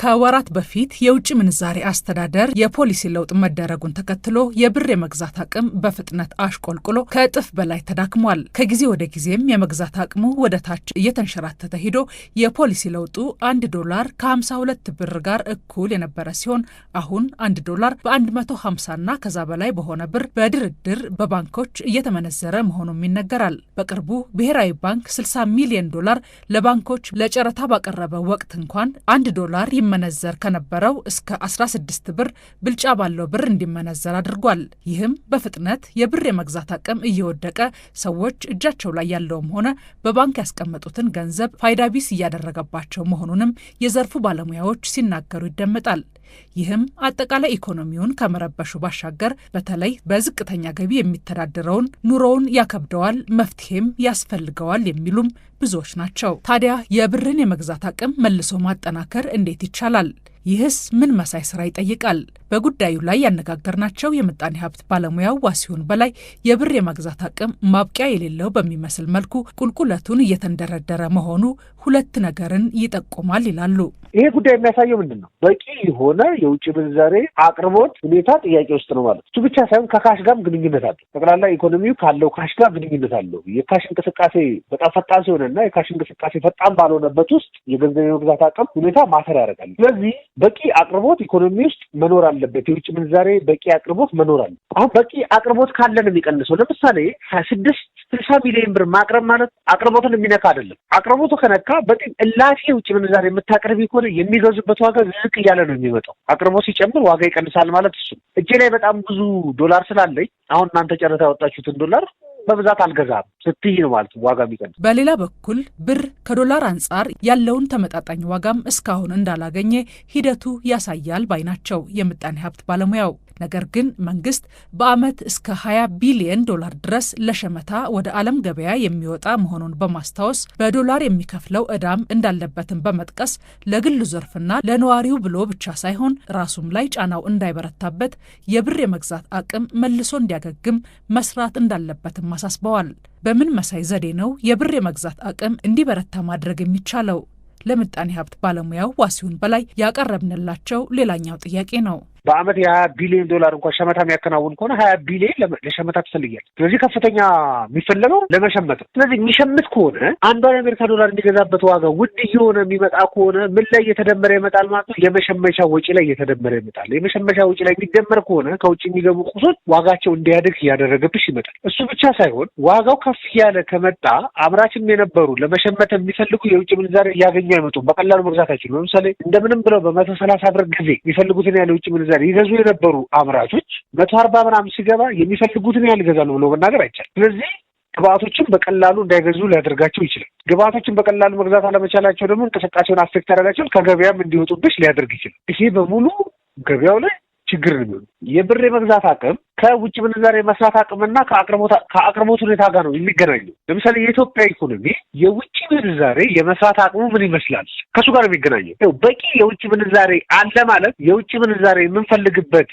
ከወራት በፊት የውጭ ምንዛሬ አስተዳደር የፖሊሲ ለውጥ መደረጉን ተከትሎ የብር የመግዛት አቅም በፍጥነት አሽቆልቁሎ ከእጥፍ በላይ ተዳክሟል። ከጊዜ ወደ ጊዜም የመግዛት አቅሙ ወደ ታች እየተንሸራተተ ሂዶ የፖሊሲ ለውጡ አንድ ዶላር ከ52 ብር ጋር እኩል የነበረ ሲሆን አሁን አንድ ዶላር በ150ና ከዛ በላይ በሆነ ብር በድርድር በባንኮች እየተመነዘረ መሆኑም ይነገራል። በቅርቡ ብሔራዊ ባንክ 60 ሚሊዮን ዶላር ለባንኮች ለጨረታ ባቀረበ ወቅት እንኳን አንድ ዶላር ይመነዘር ከነበረው እስከ 16 ብር ብልጫ ባለው ብር እንዲመነዘር አድርጓል። ይህም በፍጥነት የብር የመግዛት አቅም እየወደቀ ሰዎች እጃቸው ላይ ያለውም ሆነ በባንክ ያስቀመጡትን ገንዘብ ፋይዳ ቢስ እያደረገባቸው መሆኑንም የዘርፉ ባለሙያዎች ሲናገሩ ይደመጣል። ይህም አጠቃላይ ኢኮኖሚውን ከመረበሹ ባሻገር በተለይ በዝቅተኛ ገቢ የሚተዳደረውን ኑሮውን ያከብደዋል፣ መፍትሄም ያስፈልገዋል የሚሉም ብዙዎች ናቸው። ታዲያ የብርን የመግዛት አቅም መልሶ ማጠናከር እንዴት ይቻላል? ይህስ ምን መሳይ ስራ ይጠይቃል? በጉዳዩ ላይ ያነጋገርናቸው የምጣኔ ሀብት ባለሙያው ዋሲሁን በላይ የብር የመግዛት አቅም ማብቂያ የሌለው በሚመስል መልኩ ቁልቁለቱን እየተንደረደረ መሆኑ ሁለት ነገርን ይጠቁማል ይላሉ። ይሄ ጉዳይ የሚያሳየው ምንድን ነው? በቂ የሆነ የውጭ ምንዛሬ አቅርቦት ሁኔታ ጥያቄ ውስጥ ነው ማለት እሱ ብቻ ሳይሆን ከካሽ ጋርም ግንኙነት አለው። ጠቅላላ ኢኮኖሚው ካለው ካሽ ጋር ግንኙነት አለው። የካሽ እንቅስቃሴ በጣም ፈጣን ሲሆነና የካሽ እንቅስቃሴ ፈጣን ባልሆነበት ውስጥ የገንዘብ የመግዛት አቅም ሁኔታ ማሰር ያደርጋል። ስለዚህ በቂ አቅርቦት ኢኮኖሚ ውስጥ መኖር አለበት። የውጭ ምንዛሬ በቂ አቅርቦት መኖር አለ። አሁን በቂ አቅርቦት ካለ ነው የሚቀንሰው። ለምሳሌ ሀያ ስድስት ስልሳ ሚሊዮን ብር ማቅረብ ማለት አቅርቦትን የሚነካ አይደለም። አቅርቦቱ ከነካ በቂ እላፊ የውጭ ምንዛሬ የምታቀርብ ከሆነ የሚገዙበት ዋጋ ዝቅ እያለ ነው የሚመጣው። አቅርቦት ሲጨምር ዋጋ ይቀንሳል ማለት እሱ እጄ ላይ በጣም ብዙ ዶላር ስላለኝ አሁን እናንተ ጨረታ ያወጣችሁትን ዶላር በብዛት አልገዛም ስትይ ነው ማለት ዋጋ የሚቀንስ። በሌላ በኩል ብር ከዶላር አንጻር ያለውን ተመጣጣኝ ዋጋም እስካሁን እንዳላገኘ ሂደቱ ያሳያል ባይ ናቸው የምጣኔ ሀብት ባለሙያው። ነገር ግን መንግስት በአመት እስከ 20 ቢሊየን ዶላር ድረስ ለሸመታ ወደ ዓለም ገበያ የሚወጣ መሆኑን በማስታወስ በዶላር የሚከፍለው ዕዳም እንዳለበትን በመጥቀስ ለግሉ ዘርፍና ለነዋሪው ብሎ ብቻ ሳይሆን ራሱም ላይ ጫናው እንዳይበረታበት የብር የመግዛት አቅም መልሶ እንዲያገግም መስራት እንዳለበትም አሳስበዋል። በምን መሳይ ዘዴ ነው የብር የመግዛት አቅም እንዲበረታ ማድረግ የሚቻለው? ለምጣኔ ሀብት ባለሙያው ዋሲሁን በላይ ያቀረብንላቸው ሌላኛው ጥያቄ ነው። በአመት የሀያ ቢሊዮን ዶላር እንኳን ሸመታ የሚያከናውን ከሆነ ሀያ ቢሊዮን ለሸመታ ትፈልያል። ስለዚህ ከፍተኛ የሚፈለገው ለመሸመት ነው። ስለዚህ የሚሸምት ከሆነ አንዷን የአሜሪካ ዶላር እንዲገዛበት ዋጋ ውድ እየሆነ የሚመጣ ከሆነ ምን ላይ እየተደመረ ይመጣል ማለት ነው? የመሸመቻ ወጪ ላይ እየተደመረ ይመጣል። የመሸመቻ ወጪ ላይ የሚደመር ከሆነ ከውጭ የሚገቡ ቁሶች ዋጋቸው እንዲያድግ እያደረገብሽ ይመጣል። እሱ ብቻ ሳይሆን ዋጋው ከፍ ያለ ከመጣ አምራችም የነበሩ ለመሸመት የሚፈልጉ የውጭ ምንዛሬ እያገኙ አይመጡም። በቀላሉ መግዛት አይችሉም። ለምሳሌ እንደምንም ብለው በመቶ ሰላሳ ብር ጊዜ የሚፈልጉትን ያለ ውጭ ምንዛ ዋጋ ይገዙ የነበሩ አምራቾች መቶ አርባ ምናምን ሲገባ የሚፈልጉትን ያህል ይገዛሉ ብሎ መናገር አይቻልም። ስለዚህ ግብአቶችን በቀላሉ እንዳይገዙ ሊያደርጋቸው ይችላል። ግብአቶችን በቀላሉ መግዛት አለመቻላቸው ደግሞ እንቅስቃሴውን አፌክት ያደርጋቸውን ከገበያም እንዲወጡብሽ ሊያደርግ ይችላል። ይሄ በሙሉ ገበያው ላይ ችግር ነው የሚሆኑ የብር የመግዛት አቅም ከውጭ ምንዛሪ የመስራት አቅምና ከአቅርቦት ሁኔታ ጋር ነው የሚገናኘው። ለምሳሌ የኢትዮጵያ ኢኮኖሚ የውጭ ምንዛሬ የመስራት አቅሙ ምን ይመስላል? ከእሱ ጋር የሚገናኘው በቂ የውጭ ምንዛሬ አለ ማለት የውጭ ምንዛሬ የምንፈልግበት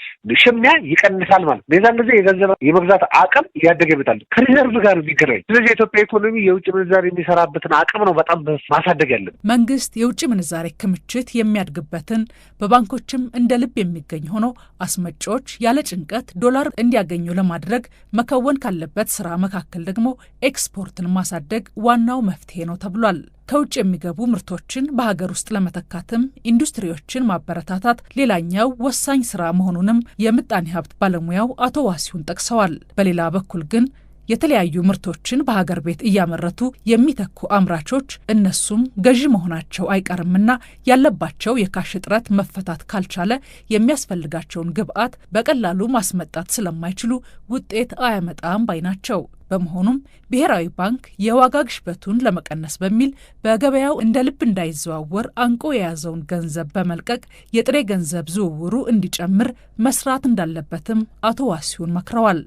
ሽሚያ ይቀንሳል ማለት ነው። የዛን ጊዜ የገንዘብ የመግዛት አቅም እያደገ ይመጣል፣ ከሪዘርቭ ጋር የሚገናኙ። ስለዚህ የኢትዮጵያ ኢኮኖሚ የውጭ ምንዛሬ የሚሰራበትን አቅም ነው በጣም ማሳደግ ያለ። መንግስት የውጭ ምንዛሬ ክምችት የሚያድግበትን በባንኮችም እንደ ልብ የሚገኝ ሆኖ አስመጮ ገበሬዎች ያለ ጭንቀት ዶላር እንዲያገኙ ለማድረግ መከወን ካለበት ስራ መካከል ደግሞ ኤክስፖርትን ማሳደግ ዋናው መፍትሄ ነው ተብሏል። ከውጭ የሚገቡ ምርቶችን በሀገር ውስጥ ለመተካትም ኢንዱስትሪዎችን ማበረታታት ሌላኛው ወሳኝ ስራ መሆኑንም የምጣኔ ሀብት ባለሙያው አቶ ዋሲሁን ጠቅሰዋል። በሌላ በኩል ግን የተለያዩ ምርቶችን በሀገር ቤት እያመረቱ የሚተኩ አምራቾች እነሱም ገዢ መሆናቸው አይቀርምና ያለባቸው የካሽ እጥረት መፈታት ካልቻለ የሚያስፈልጋቸውን ግብዓት በቀላሉ ማስመጣት ስለማይችሉ ውጤት አያመጣም ባይ ናቸው። በመሆኑም ብሔራዊ ባንክ የዋጋ ግሽበቱን ለመቀነስ በሚል በገበያው እንደ ልብ እንዳይዘዋወር አንቆ የያዘውን ገንዘብ በመልቀቅ የጥሬ ገንዘብ ዝውውሩ እንዲጨምር መስራት እንዳለበትም አቶ ዋሲሁን መክረዋል።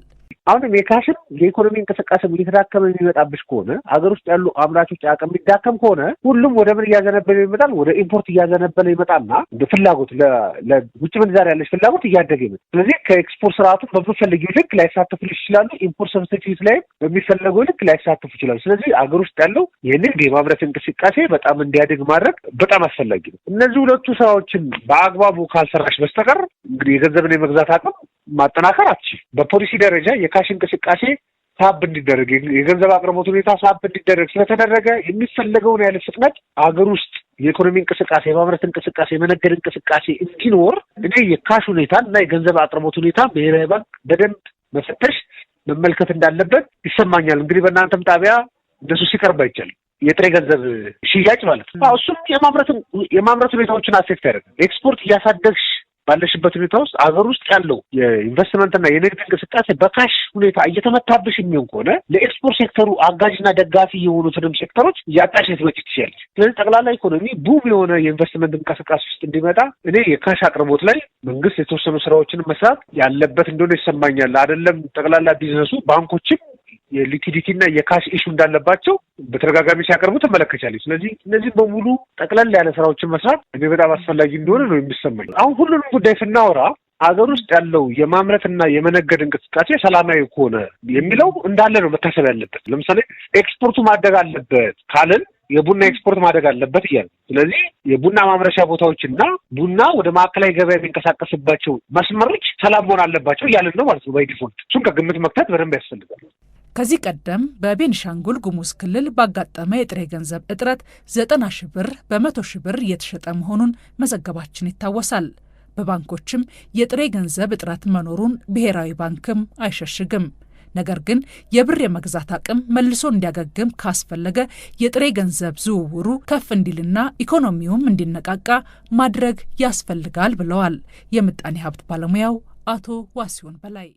አሁንም የካሽም የኢኮኖሚ እንቅስቃሴ እየተዳከመ የሚመጣብሽ ከሆነ ሀገር ውስጥ ያሉ አምራቾች አቅም የሚዳከም ከሆነ ሁሉም ወደ ምን እያዘነበለ ይመጣል? ወደ ኢምፖርት እያዘነበለ ይመጣና ፍላጎት ለውጭ ምንዛሪ ያለች ፍላጎት እያደገ ይመጣል። ስለዚህ ከኤክስፖርት ስርዓቱ በምፈልጊው ልክ ላይሳተፉልሽ ይችላሉ። ኢምፖርት ሰብስቲቲዩት ላይ በሚፈለገው ልክ ላይሳተፉ ይችላሉ። ስለዚህ አገር ውስጥ ያለው የንግድ የማምረት እንቅስቃሴ በጣም እንዲያድግ ማድረግ በጣም አስፈላጊ ነው። እነዚህ ሁለቱ ስራዎችን በአግባቡ ካልሰራሽ በስተቀር እንግዲህ የገንዘብን የመግዛት አቅም ማጠናከር አትችል። በፖሊሲ ደረጃ የካሽ እንቅስቃሴ ሳብ እንዲደረግ የገንዘብ አቅርቦት ሁኔታ ሳብ እንዲደረግ ስለተደረገ የሚፈለገውን ያለ ፍጥነት አገር ውስጥ የኢኮኖሚ እንቅስቃሴ፣ የማምረት እንቅስቃሴ፣ የመነገድ እንቅስቃሴ እንዲኖር እኔ የካሽ ሁኔታ እና የገንዘብ አቅርቦት ሁኔታ ብሔራዊ ባንክ በደንብ መፈተሽ መመልከት እንዳለበት ይሰማኛል። እንግዲህ በእናንተም ጣቢያ እንደሱ ሲቀርብ አይቻልም። የጥሬ ገንዘብ ሽያጭ ማለት ነው። እሱም የማምረት የማምረት ሁኔታዎችን አሴፍት ያደርጋል። ኤክስፖርት እያሳደግሽ ባለሽበት ሁኔታ ውስጥ አገር ውስጥ ያለው የኢንቨስትመንትና የንግድ እንቅስቃሴ በካሽ ሁኔታ እየተመታብሽ የሚሆን ከሆነ ለኤክስፖርት ሴክተሩ አጋዥና ደጋፊ የሆኑትንም ሴክተሮች እያጣሽ ልትመጪ ትችያለሽ። ስለዚህ ጠቅላላ ኢኮኖሚ ቡም የሆነ የኢንቨስትመንት እንቅስቃሴ ውስጥ እንዲመጣ እኔ የካሽ አቅርቦት ላይ መንግስት የተወሰኑ ስራዎችን መስራት ያለበት እንደሆነ ይሰማኛል። አይደለም ጠቅላላ ቢዝነሱ ባንኮችም የሊኩዲቲ እና የካሽ ኢሹ እንዳለባቸው በተደጋጋሚ ሲያቀርቡ ትመለከቻለች። ስለዚህ እነዚህ በሙሉ ጠቅለል ያለ ስራዎችን መስራት እኔ በጣም አስፈላጊ እንደሆነ ነው የሚሰማኝ። አሁን ሁሉንም ጉዳይ ስናወራ አገር ውስጥ ያለው የማምረትና የመነገድ እንቅስቃሴ ሰላማዊ ከሆነ የሚለው እንዳለ ነው መታሰብ ያለበት። ለምሳሌ ኤክስፖርቱ ማደግ አለበት ካልን የቡና ኤክስፖርት ማደግ አለበት እያለ ስለዚህ የቡና ማምረሻ ቦታዎችና ቡና ወደ ማዕከላዊ ገበያ የሚንቀሳቀስባቸው መስመሮች ሰላም መሆን አለባቸው እያለን ነው ማለት ነው። ባይ ዲፎልት እሱን ከግምት መክተት በደንብ ያስፈልጋል። ከዚህ ቀደም በቤንሻንጉል ጉሙዝ ክልል ባጋጠመ የጥሬ ገንዘብ እጥረት ዘጠና ሺ ብር በመቶ ሺ ብር እየተሸጠ መሆኑን መዘገባችን ይታወሳል። በባንኮችም የጥሬ ገንዘብ እጥረት መኖሩን ብሔራዊ ባንክም አይሸሽግም። ነገር ግን የብር የመግዛት አቅም መልሶ እንዲያገግም ካስፈለገ የጥሬ ገንዘብ ዝውውሩ ከፍ እንዲልና ኢኮኖሚውም እንዲነቃቃ ማድረግ ያስፈልጋል ብለዋል የምጣኔ ሀብት ባለሙያው አቶ ዋሲሆን በላይ።